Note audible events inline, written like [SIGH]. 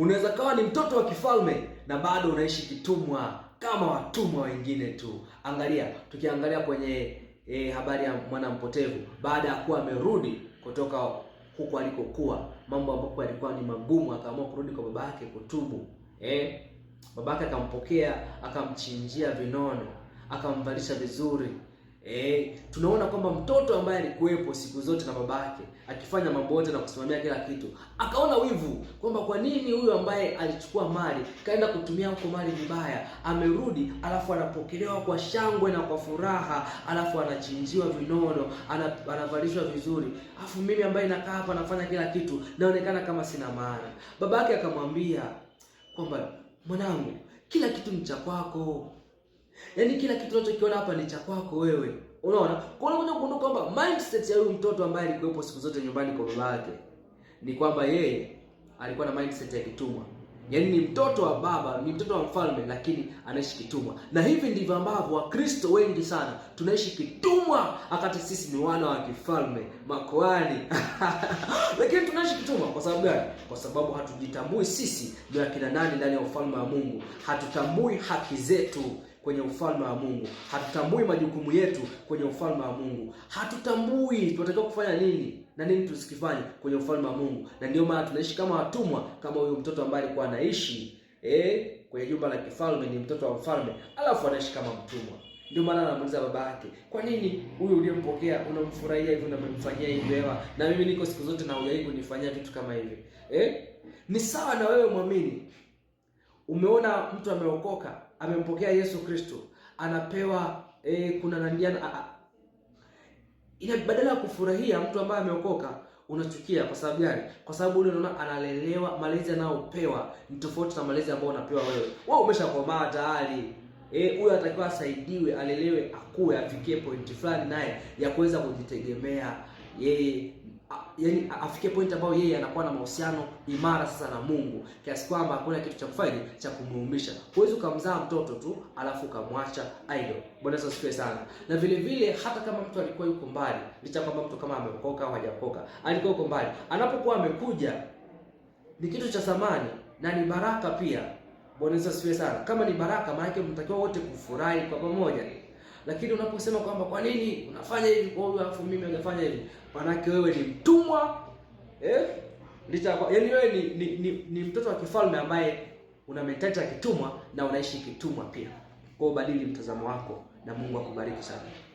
Unaweza kawa ni mtoto wa kifalme na bado unaishi kitumwa kama watumwa wengine tu. Angalia, tukiangalia kwenye e, habari ya mwana mpotevu, baada ya kuwa amerudi kutoka huko alikokuwa, mambo ambapo yalikuwa ni magumu, akaamua kurudi kwa baba yake kutubu. Eh, babake akampokea, akamchinjia vinono, akamvalisha vizuri Eh, tunaona kwamba mtoto ambaye alikuwepo siku zote na babake akifanya mambo yote na kusimamia kila kitu, akaona wivu kwamba kwa nini huyu ambaye alichukua mali kaenda kutumia huko mali vibaya, amerudi alafu anapokelewa kwa shangwe na kwa furaha, alafu anachinjiwa vinono, anavalishwa vizuri, alafu mimi ambaye nakaa hapa nafanya kila kitu naonekana kama sina maana. Babake akamwambia kwamba mwanangu, kila kitu ni cha kwako Yaani kila kitu unachokiona hapa ni cha kwako wewe. Unaona? Kwa hiyo unakuja kugundua kwamba mindset ya huyu mtoto ambaye alikuwepo siku zote nyumbani kwa baba yake ni kwamba yeye alikuwa na mindset ya kitumwa. Yaani ni mtoto wa baba, ni mtoto wa mfalme lakini anaishi kitumwa. Na hivi ndivyo ambavyo Wakristo wengi sana tunaishi kitumwa, akati sisi ni wana wa kifalme, makoani. [LAUGHS] Lakini tunaishi kitumwa kwa sababu gani? Kwa sababu hatujitambui sisi ndio akina nani ndani ya ufalme wa Mungu. Hatutambui haki zetu kwenye ufalme wa Mungu, hatutambui majukumu yetu kwenye ufalme wa Mungu, hatutambui tunatakiwa kufanya nini na nini tusikifanye kwenye ufalme wa Mungu. Na ndio maana tunaishi kama watumwa, kama huyu mtoto ambaye alikuwa anaishi eh, kwenye jumba la kifalme, ni mtoto wa mfalme, alafu anaishi kama mtumwa. Ndio maana anamuuliza baba yake, kwa nini huyu uliyempokea unamfurahia hivi, umemfanyia hivi wewa, na mimi niko siku zote na hujawahi kunifanyia vitu kama hivi eh? Ni sawa na wewe mwamini umeona mtu ameokoka, amempokea Yesu Kristo, anapewa e, kuna nandiana ile, badala ya kufurahia mtu ambaye ameokoka unachukia. Kwa sababu gani? Kwa sababu ule unaona analelewa, malezi anayopewa ni tofauti na malezi ambayo unapewa wewe. Wewe umeshakomaa tayari. Eh, huyo atakiwa asaidiwe, alelewe, akue, afikie pointi fulani naye ya kuweza kujitegemea yeye yaani afike point ambayo yeye anakuwa na mahusiano imara sasa na Mungu kiasi kwamba hakuna kitu cha kufanya cha kumuumisha. Huwezi ukamzaa mtoto tu alafu ukamwacha idol. Bwana Yesu asifiwe sana. Na vile vile hata kama mtu alikuwa yuko mbali, licha kwamba mtu kama ameokoka au hajaokoka, alikuwa yuko mbali, anapokuwa amekuja ni kitu cha thamani na ni baraka pia. Bwana Yesu asifiwe sana. Kama ni baraka, maana yake mtakiwa wote kufurahi kwa pamoja. Lakini unaposema kwamba kwa nini unafanya hivi kwa huyu alafu mimi hajafanya hivi, manake wewe ni mtumwa eh, licha kwa yaani wewe ni ni, ni, ni mtoto wa kifalme ambaye una mentality ya kitumwa na unaishi kitumwa pia. Kwa badili mtazamo wako na Mungu akubariki sana.